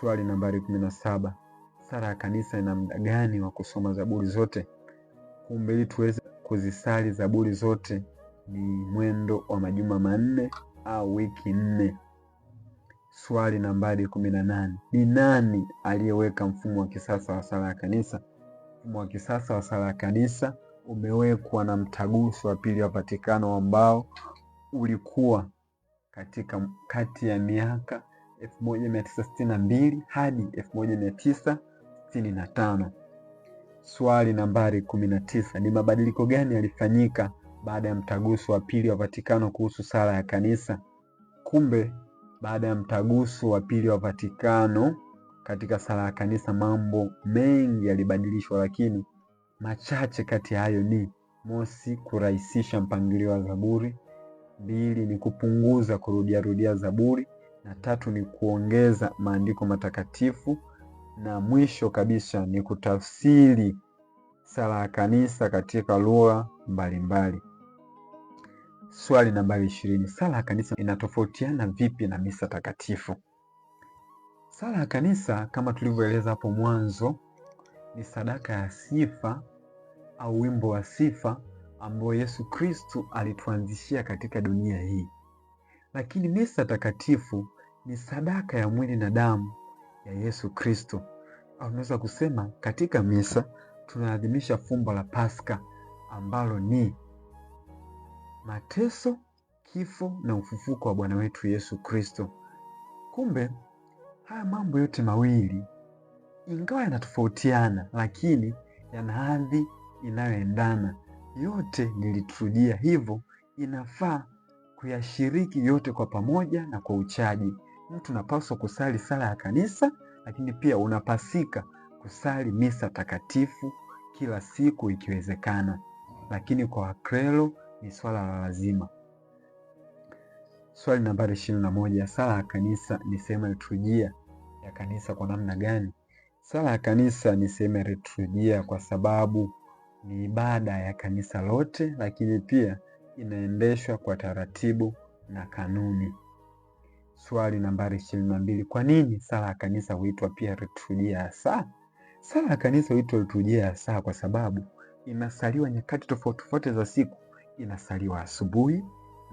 Swali nambari kumi na saba sala ya kanisa ina muda gani wa kusoma zaburi zote? Kumbe ili tuweze kuzisali zaburi zote ni mwendo wa majuma manne au wiki nne. Swali nambari kumi na nane ni nani aliyeweka mfumo wa kisasa wa sala ya kanisa? Mfumo wa kisasa wa sala ya kanisa umewekwa na Mtaguso wa Pili wa Vatikano ambao ulikuwa katika kati ya miaka 1962 hadi 1965. Swali nambari 19 ni mabadiliko gani yalifanyika baada ya mtaguso wa pili wa Vatikano kuhusu sala ya kanisa? Kumbe baada ya mtaguso wa pili wa Vatikano katika sala ya kanisa mambo mengi yalibadilishwa, lakini machache kati ya hayo ni mosi, kurahisisha mpangilio wa zaburi; mbili, ni kupunguza kurudiarudia zaburi; na tatu ni kuongeza maandiko matakatifu, na mwisho kabisa ni kutafsiri sala ya kanisa katika lugha mbalimbali. Swali nambari ishirini: sala ya kanisa inatofautiana vipi na misa takatifu? Sala ya kanisa kama tulivyoeleza hapo mwanzo, ni sadaka ya sifa au wimbo wa sifa ambao Yesu Kristu alituanzishia katika dunia hii, lakini misa takatifu ni sadaka ya mwili na damu ya Yesu Kristo, au unaweza kusema katika misa tunaadhimisha fumbo la Pasaka ambalo ni mateso, kifo na ufufuko wa Bwana wetu Yesu Kristo. Kumbe haya mambo yote mawili ingawa yanatofautiana, lakini yana hadhi inayoendana. Yote niliturujia, hivyo inafaa kuyashiriki yote kwa pamoja na kwa uchaji mtu unapaswa kusali sala ya kanisa, lakini pia unapasika kusali misa takatifu kila siku ikiwezekana, lakini kwa Wakrelo ni swala la lazima. Swali nambari ishirini na moja sala ya kanisa ni sehemu ya liturujia ya kanisa kwa namna gani? Sala ya kanisa ni sehemu ya liturujia kwa sababu ni ibada ya kanisa lote, lakini pia inaendeshwa kwa taratibu na kanuni. Swali nambari ishirini na mbili. Kwa nini sala ya kanisa huitwa pia liturujia ya saa? Sala ya kanisa huitwa liturujia ya saa kwa sababu inasaliwa nyakati tofauti tofauti za siku. Inasaliwa asubuhi,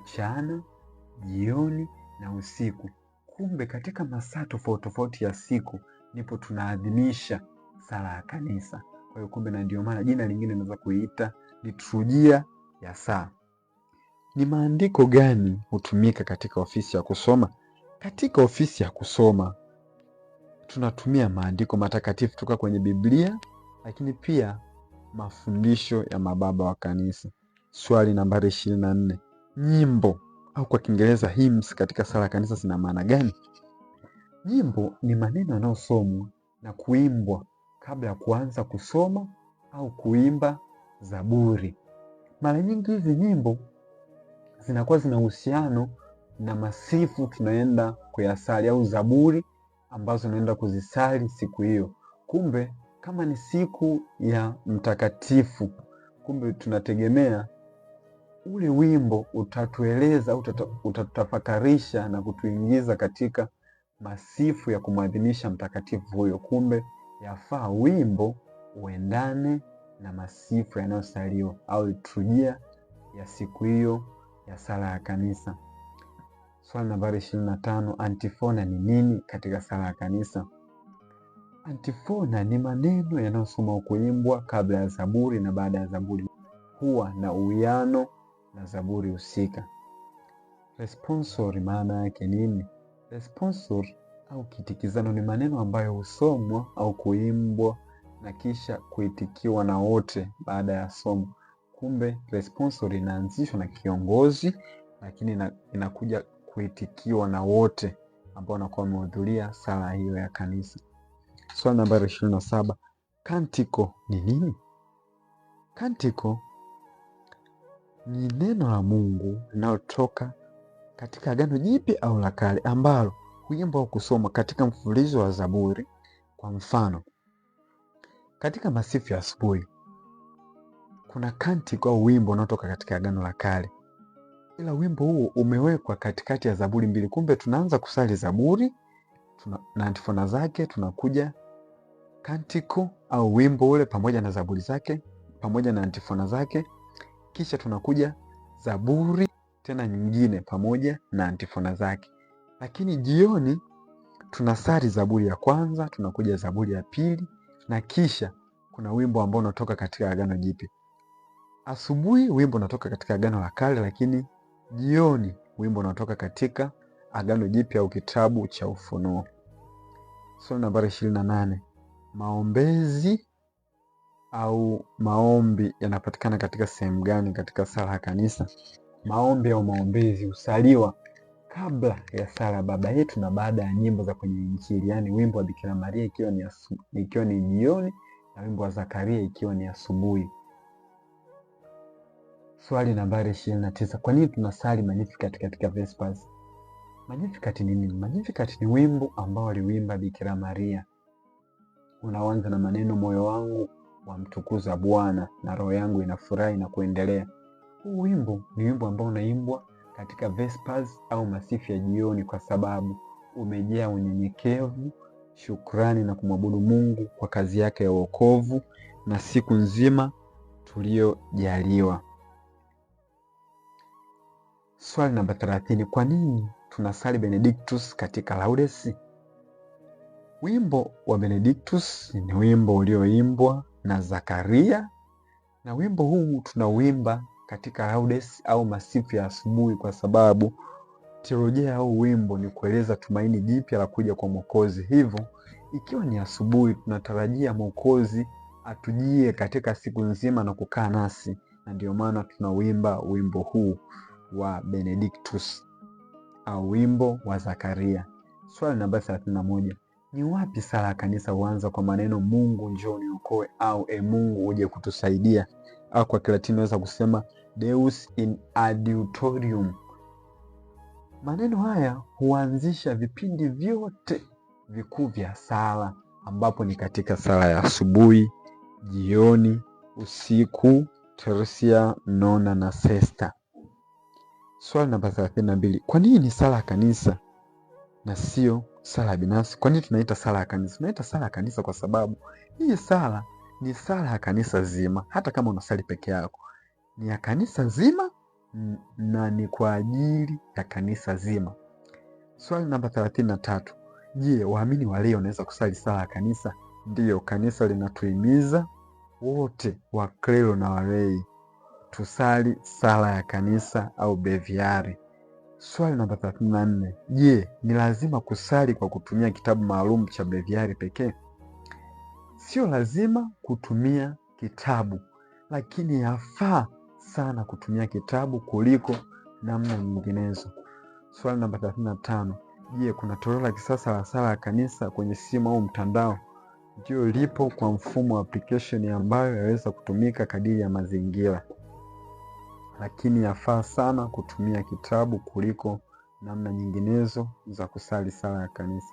mchana, jioni na usiku. Kumbe katika masaa tofauti tofauti ya siku ndipo tunaadhimisha sala ya kanisa. Kwa hiyo kumbe, na ndio maana jina lingine inaweza kuiita liturujia ya saa. Ni maandiko gani hutumika katika ofisi ya kusoma katika ofisi ya kusoma tunatumia maandiko matakatifu kutoka kwenye Biblia, lakini pia mafundisho ya mababa wa kanisa. Swali nambari ishirini na nne, nyimbo au kwa Kiingereza hymns katika sala ya kanisa zina maana gani? Nyimbo ni maneno yanayosomwa na kuimbwa kabla ya kuanza kusoma au kuimba zaburi. Mara nyingi hizi nyimbo zinakuwa zina uhusiano na masifu tunaenda kuyasali au zaburi ambazo tunaenda kuzisali siku hiyo. Kumbe kama ni siku ya mtakatifu, kumbe tunategemea ule wimbo utatueleza, utatutafakarisha na kutuingiza katika masifu ya kumwadhimisha mtakatifu huyo. Kumbe yafaa wimbo uendane na masifu yanayosaliwa au liturujia ya siku hiyo ya sala ya kanisa. Swali nambari ishirini na tano, antifona ni nini katika sala ya kanisa? Antifona ni maneno yanayosoma kuimbwa kabla ya zaburi na baada ya zaburi, huwa na uwiano na zaburi husika. Responsori maana yake nini? Responsori au kitikizano ni maneno ambayo husomwa au kuimbwa na kisha kuitikiwa na wote baada ya somo. Kumbe responsori inaanzishwa na kiongozi, lakini inakuja kuitikiwa na wote ambao wanakuwa wamehudhuria sala hiyo ya kanisa. Swali nambari ishirini na saba, kantiko ni nini? Kantiko ni neno la Mungu linalotoka katika Agano Jipya au la Kale ambalo huimbwa au kusoma katika mfululizo wa Zaburi. Kwa mfano, katika masifu ya asubuhi kuna kantiko au wimbo unaotoka katika Agano la Kale ila wimbo huu umewekwa katikati ya Zaburi mbili. Kumbe tunaanza kusali Zaburi tuna, na antifona zake, tunakuja kantiko au wimbo ule pamoja na Zaburi zake pamoja na antifona zake, kisha tunakuja Zaburi tena nyingine pamoja na antifona zake, lakini jioni tunasali Zaburi ya kwanza, tunakuja Zaburi ya pili na kisha kuna wimbo ambao unatoka katika Agano Jipya. Asubuhi wimbo unatoka katika Agano la Kale, lakini Jioni, wimbo unaotoka katika Agano Jipya au kitabu cha Ufunuo sura nambari ishirini na nane. Maombezi au maombi yanapatikana katika sehemu gani katika sala ya kanisa? Maombi au maombezi husaliwa kabla ya sala Baba Yetu na baada ya nyimbo za kwenye Injili, yaani wimbo wa Bikira Maria ikiwa ni jioni na wimbo wa Zakaria ikiwa ni asubuhi. Swali nambari ishirini na tisa. Kwa nini tunasali Magnificat katika Vespers? Magnificat ni nini? Magnificat ni wimbo ambao aliwimba Bikira Maria unaanza na maneno moyo wangu wamtukuza Bwana na roho yangu inafurahi na kuendelea. Huu wimbo ni wimbo ambao unaimbwa katika Vespers au masifu ya jioni, kwa sababu umejaa unyenyekevu, shukrani na kumwabudu Mungu kwa kazi yake ya wokovu na siku nzima tuliyojaliwa. Swali namba 30, kwa nini tunasali Benedictus katika Laudes? Wimbo wa Benedictus ni wimbo ulioimbwa na Zakaria, na wimbo huu tunauimba katika Laudes au masifu ya asubuhi, kwa sababu teolojia au wimbo ni kueleza tumaini jipya la kuja kwa Mwokozi. Hivyo ikiwa ni asubuhi, tunatarajia Mwokozi atujie katika siku nzima na kukaa nasi, na ndio maana tunauimba wimbo huu wa Benedictus au wimbo wa Zakaria. Swali namba 31, ni wapi sala ya kanisa huanza kwa maneno Mungu njoo niokoe au e Mungu uje kutusaidia, au kwa Kilatini unaweza kusema Deus in adiutorium. Maneno haya huanzisha vipindi vyote vikuu vya sala ambapo ni katika sala ya asubuhi, jioni, usiku, tersia, nona na sesta. Swali namba thelathini na mbili. Kwa nini ni sala ya kanisa na sio sala ya binafsi? Kwa nini tunaita sala ya kanisa? Tunaita sala ya kanisa kwa sababu hii sala ni sala ya kanisa zima, hata kama unasali peke yako ni ya kanisa zima na ni kwa ajili ya kanisa zima. Swali namba thelathini na tatu. Je, waamini wa wanaweza kusali sala ya kanisa? Ndiyo, kanisa linatuhimiza wote, waklero na walei tusali sala ya kanisa au beviari. Swali namba 34: Je, ni lazima kusali kwa kutumia kitabu maalum cha beviari pekee? Sio lazima kutumia kitabu, lakini yafaa sana kutumia kitabu kuliko namna nyinginezo. Swali namba 35: Je, kuna toleo la kisasa la sala ya kanisa kwenye simu au mtandao? Ndio, lipo kwa mfumo wa application ambayo yaweza kutumika kadiri ya mazingira lakini yafaa sana kutumia kitabu kuliko namna nyinginezo za kusali sala ya kanisa.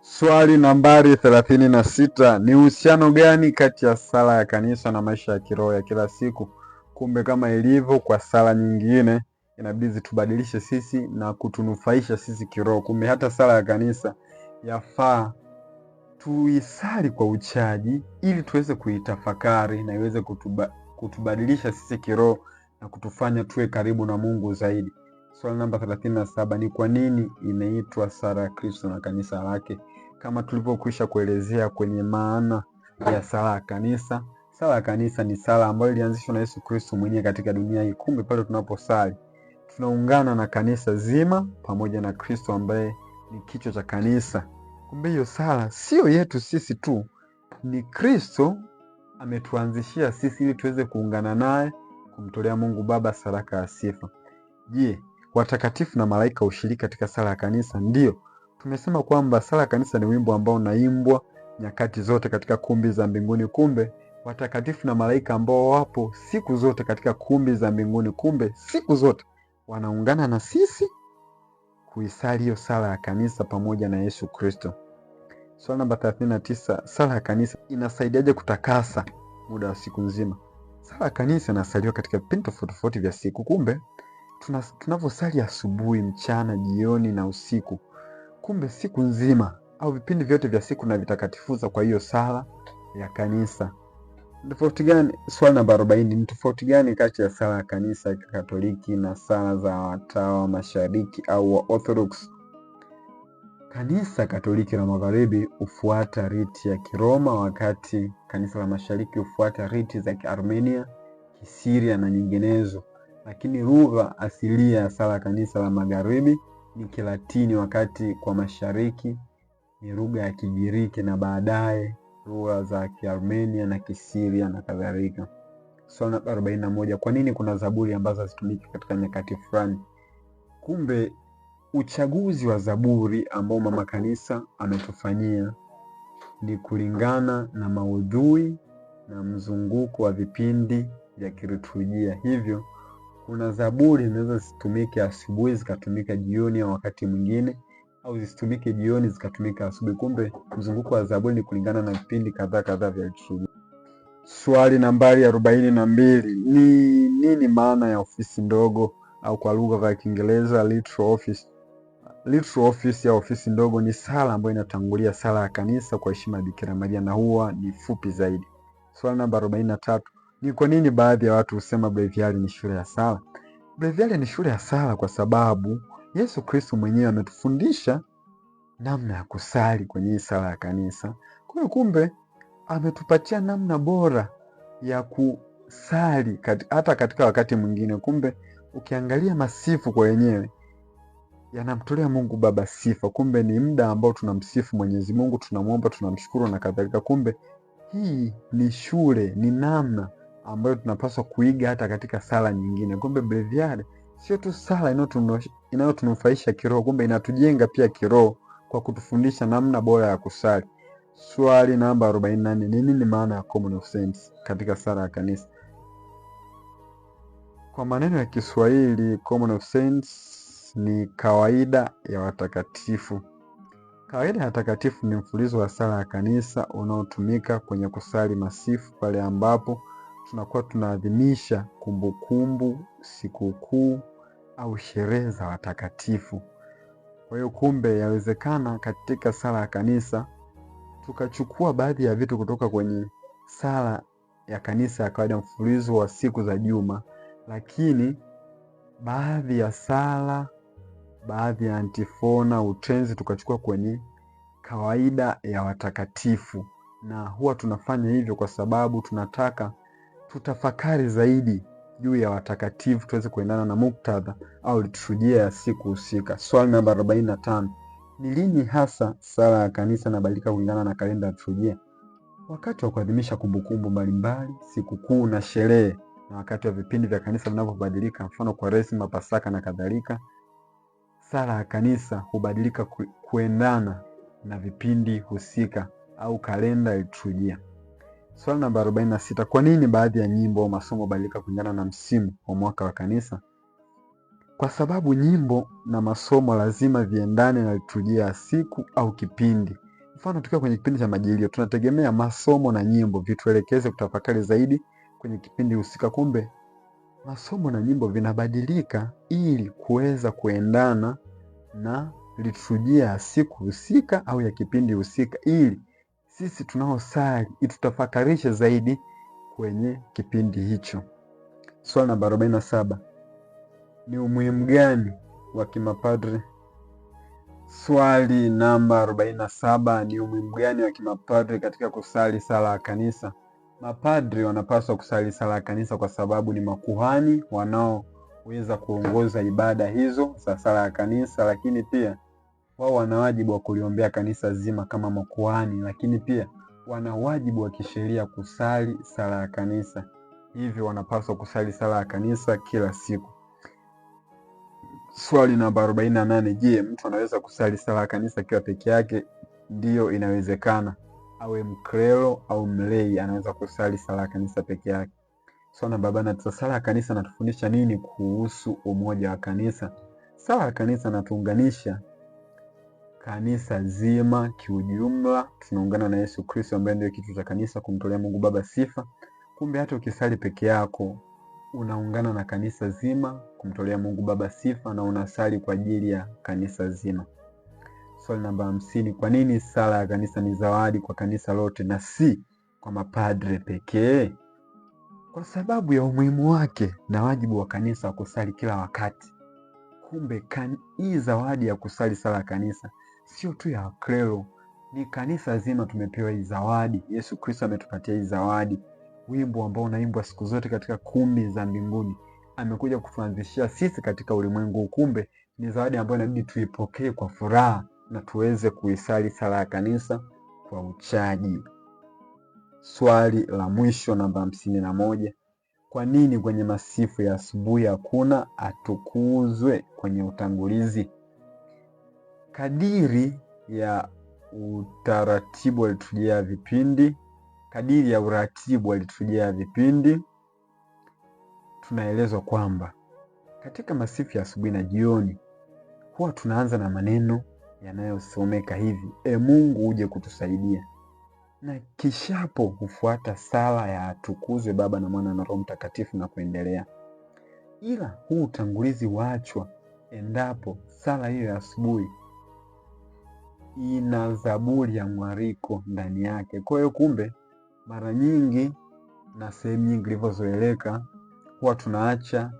Swali nambari thelathini na sita ni uhusiano gani kati ya sala ya kanisa na maisha ya kiroho ya kila siku? Kumbe kama ilivyo kwa sala nyingine, inabidi zitubadilishe sisi na kutunufaisha sisi kiroho. Kumbe hata sala ya kanisa yafaa tuisali kwa uchaji, ili tuweze kuitafakari na iweze kutuba, kutubadilisha sisi kiroho na kutufanya tuwe karibu na Mungu zaidi. Swali namba 37 ni kwa nini inaitwa sala ya Kristo na kanisa lake? Kama tulivyokwisha kuelezea kwenye maana ya sala ya kanisa, sala ya kanisa ni sala ambayo ilianzishwa na Yesu Kristo mwenyewe katika dunia hii. Kumbe pale tunaposali tunaungana na kanisa zima pamoja na Kristo ambaye ni kichwa cha kanisa. Kumbe hiyo sala sio yetu sisi tu, ni Kristo ametuanzishia sisi ili tuweze kuungana naye kumtolea Mungu Baba sadaka ya sifa. Je, watakatifu na malaika ushiriki katika sala ya kanisa? Ndiyo, tumesema kwamba sala ya kanisa ni wimbo ambao unaimbwa nyakati zote katika kumbi za mbinguni. Kumbe watakatifu na malaika ambao wapo siku zote katika kumbi za mbinguni, kumbe siku zote wanaungana na sisi kuisali hiyo sala ya kanisa pamoja na Yesu Kristo. Swali namba 39, sala ya kanisa inasaidiaje kutakasa muda wa siku nzima? Sala ya kanisa inasaliwa katika vipindi tofauti tofauti vya siku. Kumbe tunavyosali asubuhi, mchana, jioni na usiku, kumbe siku nzima au vipindi vyote vya siku na vitakatifuza kwa hiyo sala ya kanisa. Tofauti gani? Swali namba arobaini, ni tofauti gani kati ya sala ya kanisa ya Katoliki na sala za watawa wa mashariki au wa Orthodox? Kanisa Katoliki la magharibi hufuata riti ya Kiroma wakati Kanisa la Mashariki hufuata riti za Kiarmenia, Kisiria na nyinginezo, lakini lugha asilia ya sala ya Kanisa la Magharibi ni Kilatini, wakati kwa Mashariki ni lugha ya Kigiriki na baadaye lugha za Kiarmenia na Kisiria na kadhalika. Swali namba arobaini na moja: kwa nini kuna zaburi ambazo hazitumiki katika nyakati fulani? Kumbe uchaguzi wa zaburi ambao mama kanisa ametufanyia ni kulingana na maudhui na mzunguko wa vipindi vya kiliturujia. Hivyo kuna zaburi zinaweza zisitumike asubuhi zikatumika jioni, au wakati mwingine, au zisitumike jioni zikatumika asubuhi. Kumbe mzunguko wa zaburi ni kulingana na vipindi kadhaa kadhaa vya liturujia. Swali nambari arobaini na mbili ni nini maana ya ofisi ndogo au kwa lugha ya Kiingereza little office? Little office ya ofisi ndogo ni sala ambayo inatangulia sala ya kanisa kwa heshima ya Bikira Maria na huwa ni fupi zaidi. Swali namba 43 ni kwa nini baadhi ya watu husema breviary ni shule ya sala? Breviary ni shule ya sala kwa sababu Yesu Kristo mwenyewe ametufundisha namna ya kusali kwenye sala ya kanisa. Kwa hiyo kumbe ametupatia namna bora ya kusali hata katika wakati mwingine. Kumbe ukiangalia masifu kwa wenyewe yanamtolea Mungu Baba sifa. Kumbe ni muda ambao tunamsifu Mwenyezi Mungu, tunamwomba, tunamshukuru na kadhalika. Kumbe hii ni shule, ni namna ambayo tunapaswa kuiga hata katika sala nyingine. Kumbe breviary sio tu sala inayotunufaisha kiroho, kumbe inatujenga pia kiroho kwa kutufundisha namna bora ya kusali. Swali namba 48, ni nini maana ya common of saints katika sala ya kanisa? Kwa maneno ya Kiswahili, common of saints ni kawaida ya watakatifu. Kawaida ya watakatifu ni mfulizo wa sala ya kanisa unaotumika kwenye kusali masifu pale ambapo tunakuwa tunaadhimisha kumbukumbu, sikukuu au sherehe za watakatifu. Kwa hiyo, kumbe yawezekana katika sala ya kanisa tukachukua baadhi ya vitu kutoka kwenye sala ya kanisa ya kawaida, mfululizo wa siku za juma, lakini baadhi ya sala baadhi ya antifona utenzi tukachukua kwenye kawaida ya watakatifu, na huwa tunafanya hivyo kwa sababu tunataka tutafakari zaidi juu ya watakatifu tuweze kuendana na muktadha au liturujia ya siku husika. Swali namba 45: ni lini hasa sala ya kanisa inabadilika kulingana na kalenda ya liturujia? Wakati wa kuadhimisha kumbukumbu mbalimbali, sikukuu na sherehe, na wakati wa vipindi vya kanisa vinavyobadilika, mfano Kwaresma, Pasaka na kadhalika. Sala ya Kanisa hubadilika kuendana na vipindi husika au kalenda ya liturujia. Swali namba arobaini na sita. Kwa nini baadhi ya nyimbo au masomo hubadilika kulingana na msimu wa mwaka wa kanisa? Kwa sababu nyimbo na masomo lazima viendane na liturujia ya siku au kipindi. Mfano, tukiwa kwenye kipindi cha Majilio tunategemea masomo na nyimbo vituelekeze kutafakari zaidi kwenye kipindi husika, kumbe masomo na nyimbo vinabadilika ili kuweza kuendana na liturujia ya siku husika au ya kipindi husika, ili sisi tunaosali itutafakarishe zaidi kwenye kipindi hicho. Swali namba 47, ni umuhimu gani wa kimapadre? Swali namba 47, ni umuhimu gani wa kimapadre katika kusali sala ya kanisa? Mapadri wanapaswa kusali sala ya kanisa kwa sababu ni makuhani wanaoweza kuongoza ibada hizo za sala ya kanisa, lakini pia wao wana wajibu wa kuliombea kanisa zima kama makuhani, lakini pia wana wajibu wa kisheria kusali sala ya kanisa, hivyo wanapaswa kusali sala ya kanisa kila siku. Swali namba arobaini Je, mtu anaweza kusali sala ya kanisa akiwa peke yake? Ndiyo, inawezekana awe mkrelo au mlei anaweza kusali sala ya kanisa peke yake. so na baba na sala ya kanisa natufundisha nini kuhusu umoja wa kanisa? Sala ya kanisa natuunganisha kanisa zima kiujumla, tunaungana na Yesu Kristo ambaye ndiye kitu cha kanisa, kumtolea Mungu Baba sifa. Kumbe hata ukisali peke yako unaungana na kanisa zima kumtolea Mungu Baba sifa na unasali kwa ajili ya kanisa zima. Swali namba hamsini: kwa nini sala ya kanisa ni zawadi kwa kanisa lote na si kwa mapadre pekee? Kwa sababu ya umuhimu wake na wajibu wa kanisa wa kusali kila wakati. Kumbe kan, hii zawadi ya kusali sala ya kanisa sio tu ya klero, ni kanisa zima tumepewa hii zawadi. Yesu Kristo ametupatia hii zawadi, wimbo ambao unaimbwa siku zote katika kumbi za mbinguni. Amekuja kutuanzishia sisi katika ulimwengu Kumbe ni zawadi ambayo inabidi tuipokee kwa furaha na tuweze kuisali sala ya kanisa kwa uchaji. Swali la mwisho namba hamsini na moja. Kwa nini kwenye masifu ya asubuhi hakuna atukuzwe kwenye utangulizi? Kadiri ya utaratibu wa vipindi, kadiri ya uratibu wa vipindi, tunaelezwa kwamba katika masifu ya asubuhi na jioni huwa tunaanza na maneno yanayosomeka hivi: E Mungu uje kutusaidia. Na kishapo hufuata sala ya atukuzwe Baba na Mwana na Roho Mtakatifu na kuendelea, ila huu utangulizi waachwa endapo sala hiyo ya asubuhi ina zaburi ya mwariko ndani yake. Kwa hiyo kumbe, mara nyingi na sehemu nyingi ilivyozoeleka, huwa tunaacha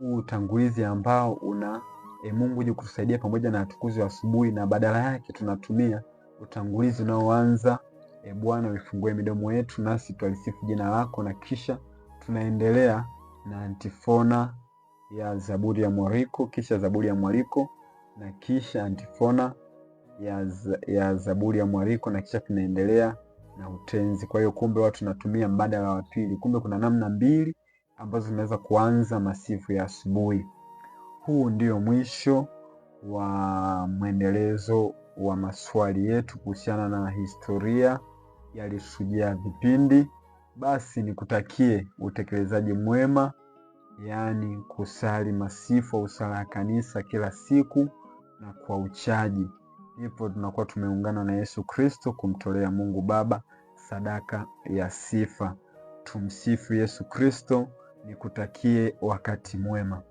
huu utangulizi ambao una e, Mungu uje kutusaidia pamoja na tukuzi wa asubuhi, na badala yake tunatumia utangulizi unaoanza e, Bwana uifungue midomo yetu nasi twalisifu jina lako, na kisha tunaendelea na antifona ya Zaburi ya mwaliko, kisha Zaburi ya mwaliko na kisha antifona ya, ya Zaburi ya mwaliko na kisha tunaendelea na utenzi. Kwa hiyo kumbe watu tunatumia mbadala wa pili, kumbe kuna namna mbili ambazo zinaweza kuanza masifu ya asubuhi. Huu ndio mwisho wa mwendelezo wa maswali yetu kuhusiana na historia ya Lishujaa vipindi. Basi nikutakie utekelezaji mwema, yaani kusali masifu au sala ya kanisa kila siku na kwa uchaji. Hivyo tunakuwa tumeungana na Yesu Kristo kumtolea Mungu Baba sadaka ya sifa. Tumsifu Yesu Kristo. Nikutakie wakati mwema.